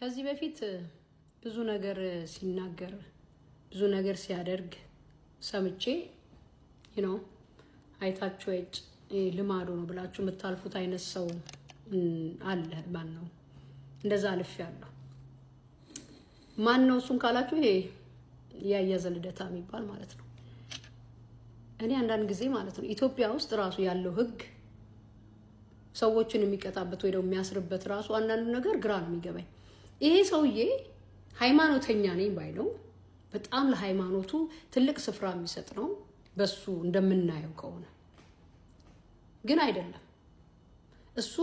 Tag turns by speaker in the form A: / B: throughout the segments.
A: ከዚህ በፊት ብዙ ነገር ሲናገር ብዙ ነገር ሲያደርግ ሰምቼ ነው አይታችሁ ወጭ ልማዱ ነው ብላችሁ የምታልፉት አይነት ሰው አለ። ማን ነው እንደዛ አልፍ ያለው ማን ነው እሱን ካላችሁ ይሄ ያያዘ ልደታ የሚባል ማለት ነው። እኔ አንዳንድ ጊዜ ማለት ነው ኢትዮጵያ ውስጥ ራሱ ያለው ህግ ሰዎችን የሚቀጣበት ወይ ደግሞ የሚያስርበት ራሱ አንዳንዱ ነገር ግራ ነው የሚገባኝ። ይሄ ሰውዬ ሃይማኖተኛ ነኝ ባይ ነው። በጣም ለሃይማኖቱ ትልቅ ስፍራ የሚሰጥ ነው። በሱ እንደምናየው ከሆነ ግን አይደለም። እሱ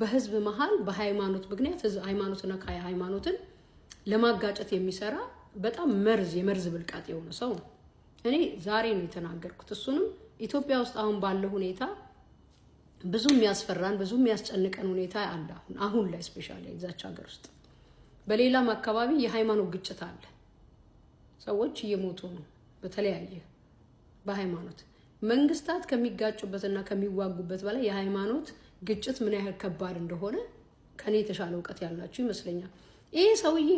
A: በህዝብ መሀል በሃይማኖት ምክንያት ሃይማኖትና ሃይማኖትን ለማጋጨት የሚሰራ በጣም መርዝ የመርዝ ብልቃጥ የሆነ ሰው ነው። እኔ ዛሬ ነው የተናገርኩት። እሱንም ኢትዮጵያ ውስጥ አሁን ባለው ሁኔታ ብዙ የሚያስፈራን ብዙ የሚያስጨንቀን ሁኔታ አለ። አሁን አሁን ላይ ስፔሻሊ እዛች ሀገር ውስጥ በሌላም አካባቢ የሃይማኖት ግጭት አለ። ሰዎች እየሞቱ ነው። በተለያየ በሃይማኖት መንግስታት ከሚጋጩበትና ከሚዋጉበት በላይ የሃይማኖት ግጭት ምን ያህል ከባድ እንደሆነ ከኔ የተሻለ እውቀት ያላችሁ ይመስለኛል። ይህ ሰውዬ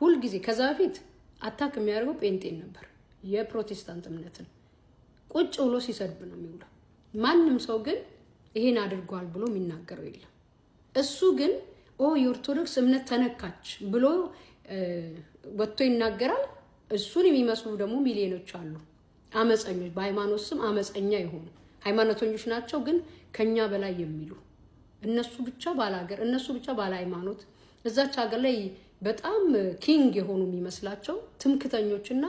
A: ሁልጊዜ ከዛ በፊት አታክ የሚያደርገው ጴንጤን ነበር፣ የፕሮቴስታንት እምነትን ቁጭ ብሎ ሲሰድብ ነው የሚውለው። ማንም ሰው ግን ይሄን አድርጓል ብሎ የሚናገረው የለም። እሱ ግን ኦ የኦርቶዶክስ እምነት ተነካች ብሎ ወጥቶ ይናገራል። እሱን የሚመስሉ ደግሞ ሚሊዮኖች አሉ። አመፀኞች፣ በሃይማኖት ስም አመፀኛ የሆኑ ሃይማኖተኞች ናቸው፣ ግን ከኛ በላይ የሚሉ እነሱ ብቻ ባለ ሀገር፣ እነሱ ብቻ ባለ ሃይማኖት፣ እዛች ሀገር ላይ በጣም ኪንግ የሆኑ የሚመስላቸው ትምክተኞችና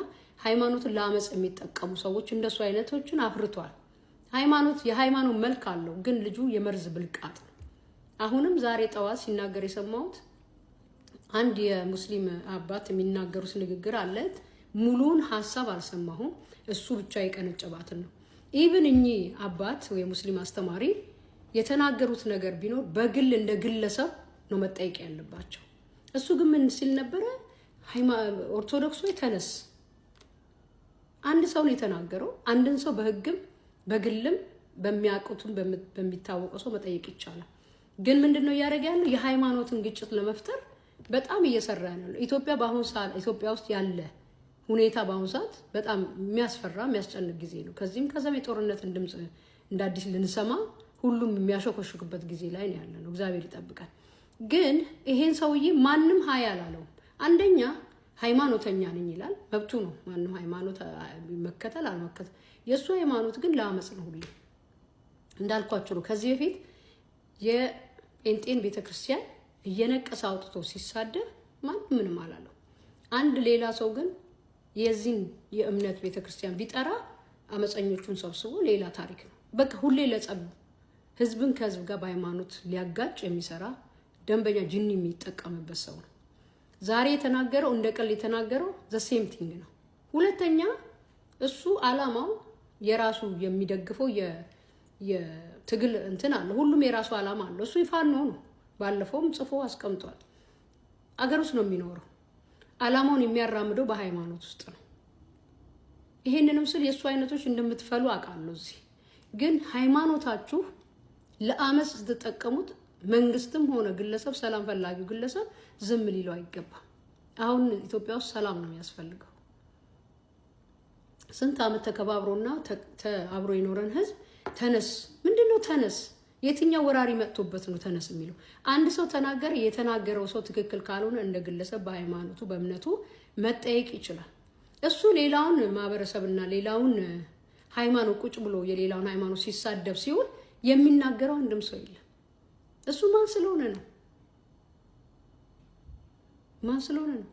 A: ሃይማኖትን ለአመፅ የሚጠቀሙ ሰዎች እንደሱ አይነቶችን አፍርቷል። ሃይማኖት የሃይማኖት መልክ አለው፣ ግን ልጁ የመርዝ ብልቃጥ ነው። አሁንም ዛሬ ጠዋት ሲናገር የሰማሁት አንድ የሙስሊም አባት የሚናገሩት ንግግር አለ። ሙሉውን ሀሳብ አልሰማሁም። እሱ ብቻ የቀነጨባትን ነው። ኢቭን እኚህ አባት ወይ ሙስሊም አስተማሪ የተናገሩት ነገር ቢኖር በግል እንደ ግለሰብ ነው መጠየቅ ያለባቸው። እሱ ግን ምን ሲል ነበረ? ኦርቶዶክሱ ተነስ። አንድ ሰው ነው የተናገረው። አንድን ሰው በህግም በግልም በሚያውቁትም በሚታወቀው ሰው መጠየቅ ይቻላል። ግን ምንድን ነው እያደረገ ያለው? የሃይማኖትን ግጭት ለመፍጠር በጣም እየሰራ ያለው ኢትዮጵያ በአሁኑ ሰዓት ኢትዮጵያ ውስጥ ያለ ሁኔታ በአሁኑ ሰዓት በጣም የሚያስፈራ የሚያስጨንቅ ጊዜ ነው። ከዚህም ከዛም የጦርነትን ድምፅ እንደ አዲስ ልንሰማ ሁሉም የሚያሾከሹክበት ጊዜ ላይ ነው ያለ ነው። እግዚአብሔር ይጠብቃል። ግን ይሄን ሰውዬ ማንም ሀይ አላለውም። አንደኛ ሃይማኖተኛ ነኝ ይላል፣ መብቱ ነው። ማንም ሃይማኖት መከተል አልመከተል፣ የእሱ ሃይማኖት ግን ለአመፅ ነው። ሁሌ እንዳልኳቸው ነው ከዚህ በፊት ጴንጤን ቤተ ክርስቲያን እየነቀሰ አውጥቶ ሲሳደብ ማንም ምንም አላለው። አንድ ሌላ ሰው ግን የዚህን የእምነት ቤተ ክርስቲያን ቢጠራ አመፀኞቹን ሰብስቦ ሌላ ታሪክ ነው። በቃ ሁሌ ለጸብ ህዝብን ከህዝብ ጋር በሃይማኖት ሊያጋጭ የሚሰራ ደንበኛ ጅኒ የሚጠቀምበት ሰው ነው። ዛሬ የተናገረው እንደ ቀል የተናገረው ዘሴም ቲንግ ነው። ሁለተኛ እሱ አላማው የራሱ የሚደግፈው ትግል እንትን አለ። ሁሉም የራሱ ዓላማ አለ። እሱ ይፋኖ ነው። ባለፈውም ጽፎ አስቀምጧል። አገር ውስጥ ነው የሚኖረው። አላማውን የሚያራምደው በሃይማኖት ውስጥ ነው። ይሄንንም ስል የእሱ አይነቶች እንደምትፈሉ አውቃለሁ። እዚህ ግን ሃይማኖታችሁ ለአመፅ ስትጠቀሙት መንግስትም ሆነ ግለሰብ፣ ሰላም ፈላጊው ግለሰብ ዝም ሊለው አይገባም። አሁን ኢትዮጵያ ውስጥ ሰላም ነው የሚያስፈልገው። ስንት አመት ተከባብሮና አብሮ የኖረን ህዝብ ተነስ ምንድን ነው ተነስ? የትኛው ወራሪ መጥቶበት ነው ተነስ የሚለው? አንድ ሰው ተናገረ። የተናገረው ሰው ትክክል ካልሆነ እንደ ግለሰብ በሃይማኖቱ በእምነቱ መጠየቅ ይችላል። እሱ ሌላውን ማህበረሰብና ሌላውን ሃይማኖት ቁጭ ብሎ የሌላውን ሃይማኖት ሲሳደብ ሲሆን የሚናገረው አንድም ሰው የለም። እሱ ማን ስለሆነ ነው? ማን ስለሆነ ነው?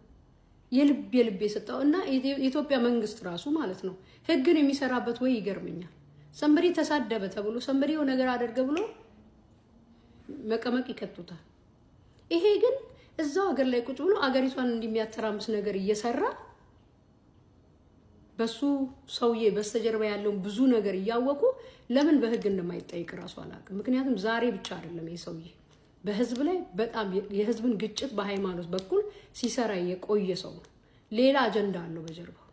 A: የልብ የልብ የሰጠው እና የኢትዮጵያ መንግስት ራሱ ማለት ነው ህግን የሚሰራበት ወይ ይገርመኛል። ሰንበሪ ተሳደበ ተብሎ ሰንበሪ ነገር አደርገ ብሎ መቀመቅ ይከቱታል። ይሄ ግን እዛው ሀገር ላይ ቁጭ ብሎ አገሪቷን እንደሚያተራምስ ነገር እየሰራ በሱ ሰውዬ በስተጀርባ ያለውን ብዙ ነገር እያወቁ ለምን በህግ እንደማይጠይቅ እራሱ አላውቅም። ምክንያቱም ዛሬ ብቻ አይደለም ይህ ሰውዬ በህዝብ ላይ በጣም የህዝብን ግጭት በሃይማኖት በኩል ሲሰራ የቆየ ሰው ነው። ሌላ አጀንዳ አለው በጀርባው።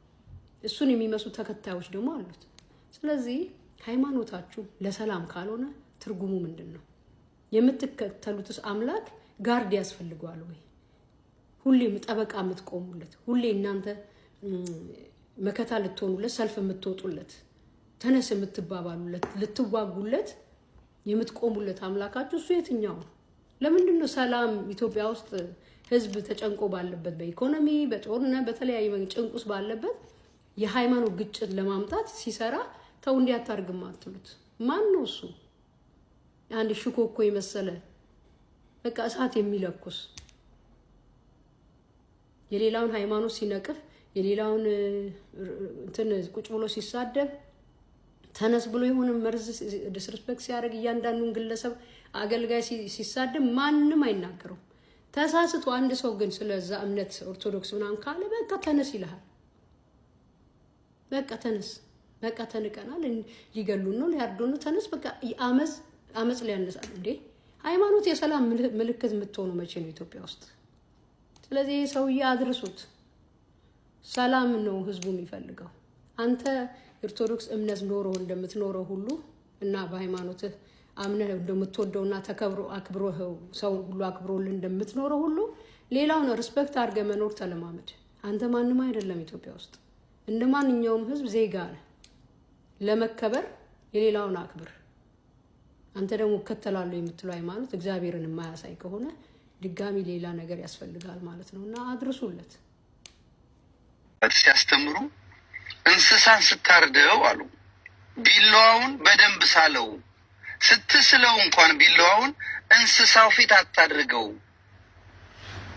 A: እሱን የሚመስሉ ተከታዮች ደግሞ አሉት። ስለዚህ ሃይማኖታችሁ ለሰላም ካልሆነ ትርጉሙ ምንድን ነው? የምትከተሉትስ አምላክ ጋርድ ያስፈልገዋል ወይ? ሁሌም ጠበቃ የምትቆሙለት፣ ሁሌ እናንተ መከታ ልትሆኑለት፣ ሰልፍ የምትወጡለት፣ ተነስ የምትባባሉለት፣ ልትዋጉለት የምትቆሙለት አምላካችሁ እሱ የትኛው ነው? ለምንድን ነው ሰላም ኢትዮጵያ ውስጥ ህዝብ ተጨንቆ ባለበት በኢኮኖሚ በጦርነት በተለያዩ ጭንቁስ ባለበት የሃይማኖት ግጭት ለማምጣት ሲሰራ ተው እንዲህ አታርግም አትሉት። ማን ነው እሱ? አንድ ሽኮኮ የመሰለ በቃ እሳት የሚለኩስ የሌላውን ሃይማኖት ሲነቅፍ የሌላውን እንትን ቁጭ ብሎ ሲሳደብ ተነስ ብሎ የሆነ መርዝ ዲስሪስፔክት ሲያደርግ እያንዳንዱን ግለሰብ አገልጋይ ሲሳደብ ማንም አይናገረው። ተሳስቶ አንድ ሰው ግን ስለዛ እምነት ኦርቶዶክስ ምናምን ካለ በቃ ተነስ ይልሃል። በቃ ተነስ በቃ ተንቀናል፣ ሊገሉን ነው፣ ሊያርዱን ነው፣ ተነስ በቃ አመፅ አመፅ ሊያነሳል እንዴ! ሃይማኖት የሰላም ምልክት የምትሆኑ መቼ ነው ኢትዮጵያ ውስጥ? ስለዚህ ሰውዬ አድርሱት። ሰላም ነው ህዝቡ የሚፈልገው። አንተ ኦርቶዶክስ እምነት ኖሮ እንደምትኖረው ሁሉ እና በሃይማኖትህ አምነህ እንደምትወደው እና ተከብሮ አክብሮ ሰው ሁሉ አክብሮልህ እንደምትኖረው ሁሉ ሌላውን ሪስፔክት አድርገህ መኖር ተለማመድ። አንተ ማንም አይደለም ኢትዮጵያ ውስጥ እንደ ማንኛውም ህዝብ ዜጋ ነህ። ለመከበር የሌላውን አክብር። አንተ ደግሞ እከተላለሁ የምትለው ሃይማኖት እግዚአብሔርን የማያሳይ ከሆነ ድጋሚ ሌላ ነገር ያስፈልጋል ማለት ነው። እና አድርሱለት
B: ሲያስተምሩ እንስሳን ስታርደው አሉ ቢላዋውን በደንብ ሳለው፣ ስትስለው እንኳን ቢላዋውን እንስሳው ፊት አታድርገው።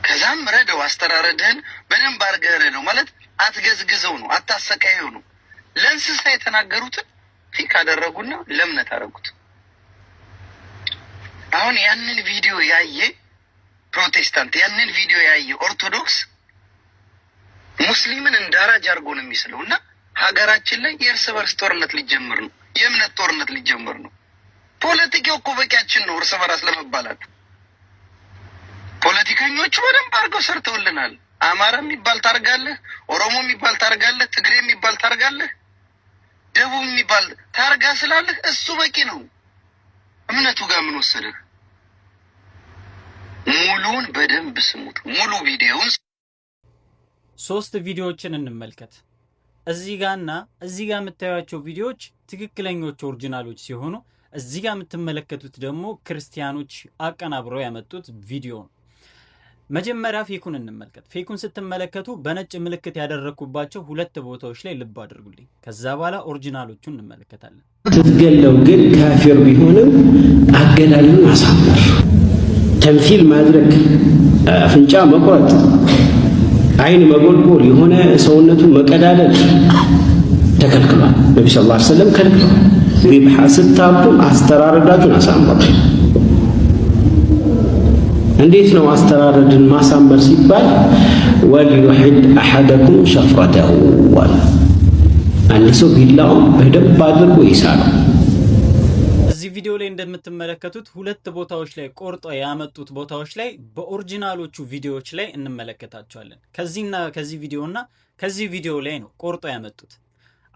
B: ከዛም ረደው አስተራረደህን በደንብ አርገህ ረደው ማለት አትገዝግዘው ነው፣ አታሰቃየው ነው። ለእንስሳ የተናገሩትን ፊክ አደረጉና ለእምነት አደረጉት። አሁን ያንን ቪዲዮ ያየ ፕሮቴስታንት፣ ያንን ቪዲዮ ያየ ኦርቶዶክስ ሙስሊምን እንዳራጅ አድርጎ ነው የሚስለው እና ሀገራችን ላይ የእርስ በርስ ጦርነት ሊጀምር ነው። የእምነት ጦርነት ሊጀምር ነው። ፖለቲካው እኮ በቂያችን ነው። እርስ በራስ ለመባላት ፖለቲከኞቹ በደንብ አድርገው ሰርተውልናል። አማራ የሚባል ታርጋለህ፣ ኦሮሞ የሚባል ታርጋለህ፣ ትግሬ የሚባል ታርጋለህ ደቡብ የሚባል ታርጋ ስላለህ እሱ በቂ ነው። እምነቱ ጋር ምን ወሰደህ? ሙሉን በደንብ ስሙት። ሙሉ ቪዲዮውን
C: ሶስት ቪዲዮዎችን እንመልከት። እዚህ ጋርና እዚህ ጋር የምታዩቸው ቪዲዮዎች ትክክለኞች ኦሪጂናሎች ሲሆኑ እዚህ ጋር የምትመለከቱት ደግሞ ክርስቲያኖች አቀናብረው ያመጡት ቪዲዮ ነው። መጀመሪያ ፌኩን እንመልከት። ፌኩን ስትመለከቱ በነጭ ምልክት ያደረግኩባቸው ሁለት ቦታዎች ላይ ልብ አድርጉልኝ። ከዛ በኋላ ኦሪጂናሎቹን እንመለከታለን።
D: ስትገለው ግን ካፊር ቢሆንም አገላልን አሳምር፣ ተምሲል ማድረግ፣ አፍንጫ መቁረጥ፣ አይን መጎልጎል፣ የሆነ ሰውነቱን መቀዳደል ተከልክሏል። ነቢ ስ ላ ሰለም ከልክሏል። ሪብሓ ስታቱም አስተራረዳችሁን አሳምሩ እንዴት ነው አስተራረድን ማሳመር ሲባል ወልዩሒድ አሐደኩም ሸፍረተሁ ዋል አንድ ሰው ቢላውን በደንብ አድርጎ ይሳለው።
C: እዚህ ቪዲዮ ላይ እንደምትመለከቱት ሁለት ቦታዎች ላይ ቆርጦ ያመጡት ቦታዎች ላይ በኦሪጂናሎቹ ቪዲዮዎች ላይ እንመለከታቸዋለን። ከዚህና ከዚህ ቪዲዮና ከዚህ ቪዲዮ ላይ ነው ቆርጦ ያመጡት።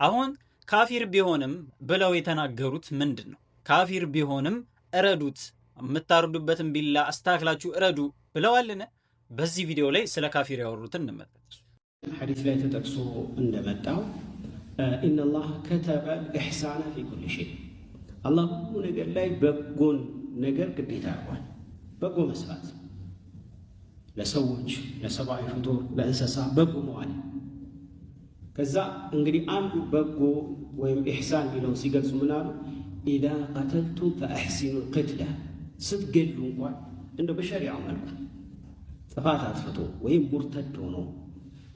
C: አሁን ካፊር ቢሆንም ብለው የተናገሩት ምንድን ነው? ካፊር ቢሆንም እረዱት የምታርዱበትን ቢላ አስተካክላችሁ እረዱ ብለዋልን? በዚህ ቪዲዮ ላይ ስለ ካፊር ያወሩትን እንመልከት።
D: ሐዲስ ላይ ተጠቅሶ እንደመጣው ኢነላህ ከተበ ልኢሕሳና ፊ ኩል ሸይ፣ አላህ ሁሉ ነገር ላይ በጎን ነገር ግዴታ ያርጓል። በጎ መስራት ለሰዎች፣ ለሰብአዊ ፍጡር፣ ለእንስሳ በጎ መዋል። ከዛ እንግዲህ አንዱ በጎ ወይም ኢሕሳን ቢለው ሲገልጹ ምናሉ ኢዳ ቀተልቱ ፈአሕሲኑ ልቅትላ ስትገሉ እንኳን እንደ በሸሪያው መልኩ ጥፋት አጥፍቶ ወይም ሙርተድ ሆኖ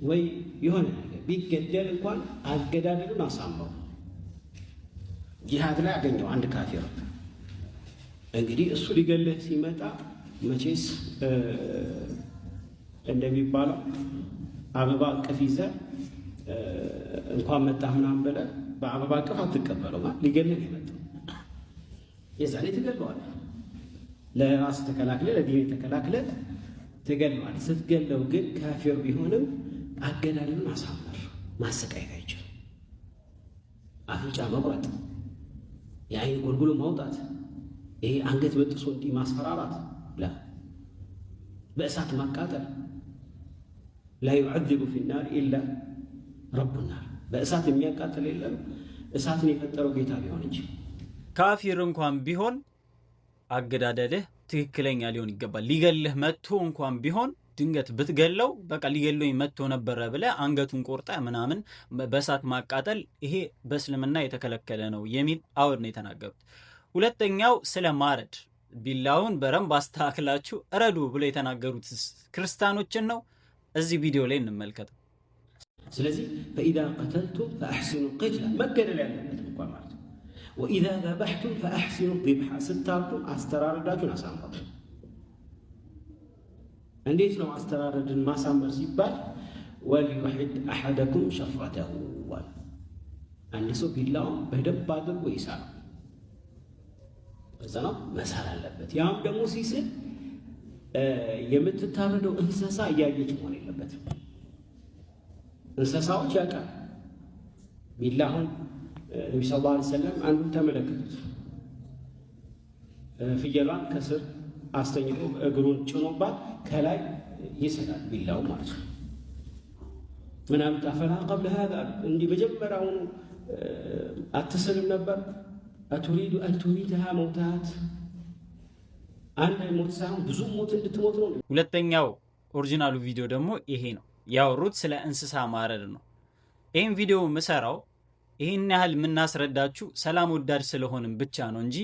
D: ወይ የሆነ ነገር ቢገደል እንኳን አገዳደሉን አሳምረው። ጂሃድ ላይ አገኘው አንድ ካፊር እንግዲህ እሱ ሊገልህ ሲመጣ መቼስ እንደሚባለው አበባ እቅፍ ይዘ እንኳን መጣ ምናምን ብለህ በአበባ እቅፍ አትቀበለው። ሊገልህ ነው የመጣው። የዛኔ ትገለዋለህ። ለራስ ተከላክለ ለዲን ተከላክለ ትገለዋል። ስትገለው ግን ካፊር ቢሆንም አገዳልን ማሳመር ማሰቃየት አይችልም። አፍንጫ መቁረጥ፣ የአይን ጎልጉሎ ማውጣት፣ ይሄ አንገት በጥሶ እንዲህ ማስፈራራት፣ ላ በእሳት ማቃጠል፣ ላ ዩዐዚቡ ፊናር ኢላ ረቡናር በእሳት የሚያቃጥል የለም እሳትን የፈጠረው ጌታ ቢሆን እንጂ
C: ካፊር እንኳን ቢሆን አገዳደልህ ትክክለኛ ሊሆን ይገባል። ሊገልህ መጥቶ እንኳን ቢሆን ድንገት ብትገለው በቃ ሊገሎኝ መጥቶ ነበረ ብለ አንገቱን ቆርጠ ምናምን በእሳት ማቃጠል ይሄ በእስልምና የተከለከለ ነው የሚል አውድ ነው የተናገሩት። ሁለተኛው ስለ ማረድ ቢላውን በረም ባስተካክላችሁ እረዱ ብሎ የተናገሩት ክርስቲያኖችን ነው። እዚህ ቪዲዮ ላይ እንመልከተው።
D: ስለዚህ ፈኢዛ ቀተልቱ ፈአሕሲኑ ቅትላ መገደል ያለበት እንኳ ማለት ወኢዛ ዘበሕቱም ፈአሕሲኑ ቢብሓ ስታርቱ አስተራረዳችሁን አሳምሩ። እንዴት ነው አስተራረድን ማሳመር ሲባል ወልዩሕድ አሐደኩም ሸፍረተሁ ዋል አንድ ሰው ቢላውን በደንብ አድርጎ ይሳል። እዛ ነው መሳል አለበት። ያም ደግሞ ሲስል የምትታረደው እንስሳ እያየች መሆን የለበትም። እንስሳዎች ያውቃል ቢላሁን ነቢ ስ ላ ሰለም አንዱን ተመለከቱት። ፍየሏን ከስር አስተኝቶ እግሩን ጭኖባት ከላይ ይሰላል ቢላው ማለት ነው። ምናም ጣፈላ ቀብለ ሀ እንዲህ መጀመሪያውኑ አትስልም ነበር። አቱሪዱ አንቱሚትሃ መውታት አንድ ሞት ሳይሆን ብዙ ሞት እንድትሞት ነው።
C: ሁለተኛው ኦሪጂናሉ ቪዲዮ ደግሞ ይሄ ነው። ያወሩት ስለ እንስሳ ማረድ ነው። ይህም ቪዲዮ ምሰራው ይህን ያህል የምናስረዳችሁ ሰላም ወዳድ ስለሆንም ብቻ ነው እንጂ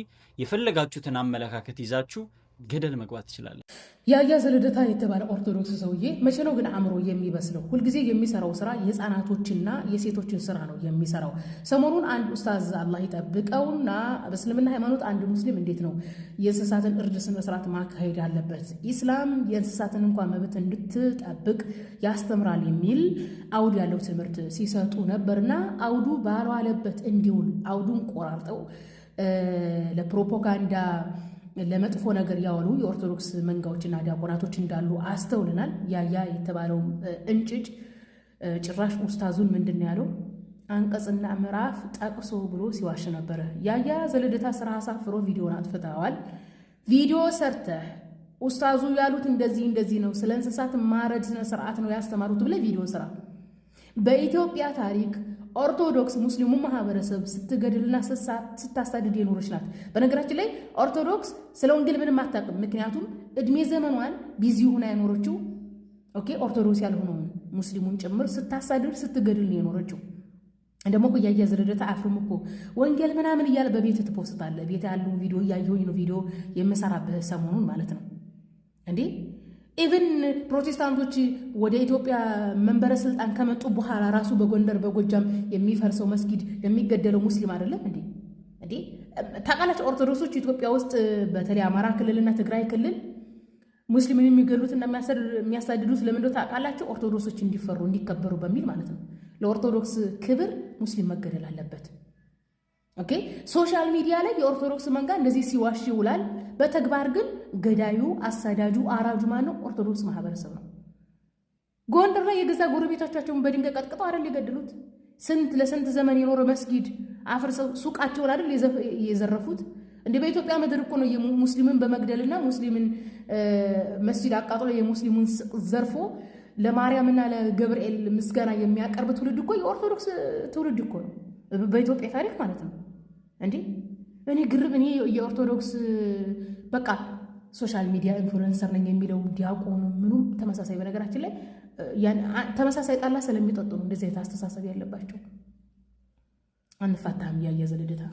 C: የፈለጋችሁትን አመለካከት ይዛችሁ ገደል መግባት ትችላለን።
A: የአያዘ ልደታ የተባለ ኦርቶዶክስ ሰውዬ መቼ ነው ግን አእምሮ የሚበስለው? ሁልጊዜ የሚሰራው ስራ የህፃናቶችና የሴቶችን ስራ ነው የሚሰራው። ሰሞኑን አንድ ኡስታዝ አላህ ይጠብቀውና በእስልምና ሃይማኖት አንድ ሙስሊም እንዴት ነው የእንስሳትን እርድ ስነስርዓት ማካሄድ አለበት፣ ኢስላም የእንስሳትን እንኳ መብት እንድትጠብቅ ያስተምራል የሚል አውድ ያለው ትምህርት ሲሰጡ ነበርና አውዱ ባለዋለበት እንዲውል አውዱን ቆራርጠው ለፕሮፓጋንዳ ለመጥፎ ነገር ያዋሉ የኦርቶዶክስ መንጋዎችና ዲያቆናቶች እንዳሉ አስተውልናል። ያያ የተባለው እንጭጭ ጭራሽ ኡስታዙን ምንድን ነው ያለው አንቀጽና ምዕራፍ ጠቅሶ ብሎ ሲዋሽ ነበረ። ያያ ዘልደታ ስራ አሳፍሮ ቪዲዮን አጥፍተዋል። ቪዲዮ ሰርተህ ኡስታዙ ያሉት እንደዚህ እንደዚህ ነው፣ ስለ እንስሳት ማረድ ስነ ስርዓት ነው ያስተማሩት ብለህ ቪዲዮ ስራ በኢትዮጵያ ታሪክ ኦርቶዶክስ ሙስሊሙ ማህበረሰብ ስትገድልና ስታሳድድ የኖረች ናት። በነገራችን ላይ ኦርቶዶክስ ስለ ወንጌል ምንም አታውቅም። ምክንያቱም እድሜ ዘመኗን ቢዚ ሆና የኖረችው ኦኬ ኦርቶዶክስ ያልሆነውን ሙስሊሙን ጭምር ስታሳድድ ስትገድል ነው የኖረችው። ደግሞ እኮ እያያዝ ረደት አፍርም እኮ ወንጌል ምናምን እያለ በቤት ትፖስታለ። ቤት ያለውን ቪዲዮ እያየሁኝ ነው ቪዲዮ የምሰራበት ሰሞኑን ማለት ነው እንዴ ኢቨን ፕሮቴስታንቶች ወደ ኢትዮጵያ መንበረ ስልጣን ከመጡ በኋላ ራሱ በጎንደር በጎጃም የሚፈርሰው መስጊድ የሚገደለው ሙስሊም አይደለም እንዴ? እንዴ ታውቃላችሁ፣ ኦርቶዶክሶች ኢትዮጵያ ውስጥ በተለይ አማራ ክልልና ትግራይ ክልል ሙስሊምን የሚገሉትና የሚያሳድዱት ለምን እንደሆነ ታውቃላችሁ? ኦርቶዶክሶች እንዲፈሩ እንዲከበሩ በሚል ማለት ነው። ለኦርቶዶክስ ክብር ሙስሊም መገደል አለበት። ኦኬ ሶሻል ሚዲያ ላይ የኦርቶዶክስ መንጋ እንደዚህ ሲዋሽ ይውላል። በተግባር ግን ገዳዩ፣ አሳዳጁ፣ አራጁ ማን ነው? ኦርቶዶክስ ማህበረሰብ ነው። ጎንደር ላይ የገዛ ጎረቤቶቻቸውን በድንጋይ ቀጥቅጠው አይደል የገደሉት? ስንት ለስንት ዘመን የኖረ መስጊድ አፍርሰው ሱቃቸውን አይደል የዘረፉት? እንደ በኢትዮጵያ ምድር እኮ ነው ሙስሊምን በመግደልና ሙስሊምን መስጂድ አቃጥሎ የሙስሊሙን ዘርፎ ለማርያምና ለገብርኤል ምስጋና የሚያቀርብ ትውልድ እኮ የኦርቶዶክስ ትውልድ እኮ ነው በኢትዮጵያ ታሪክ ማለት ነው። እንዴ እኔ ግርም እኔ የኦርቶዶክስ በቃ ሶሻል ሚዲያ ኢንፍሉዌንሰር ነኝ የሚለው ዲያቆኑ ምኑም ተመሳሳይ። በነገራችን ላይ ተመሳሳይ ጣላ ስለሚጠጡ ነው እንደዚህ አይነት አስተሳሰብ ያለባቸው። አንፋታም እያየዘ ልደታ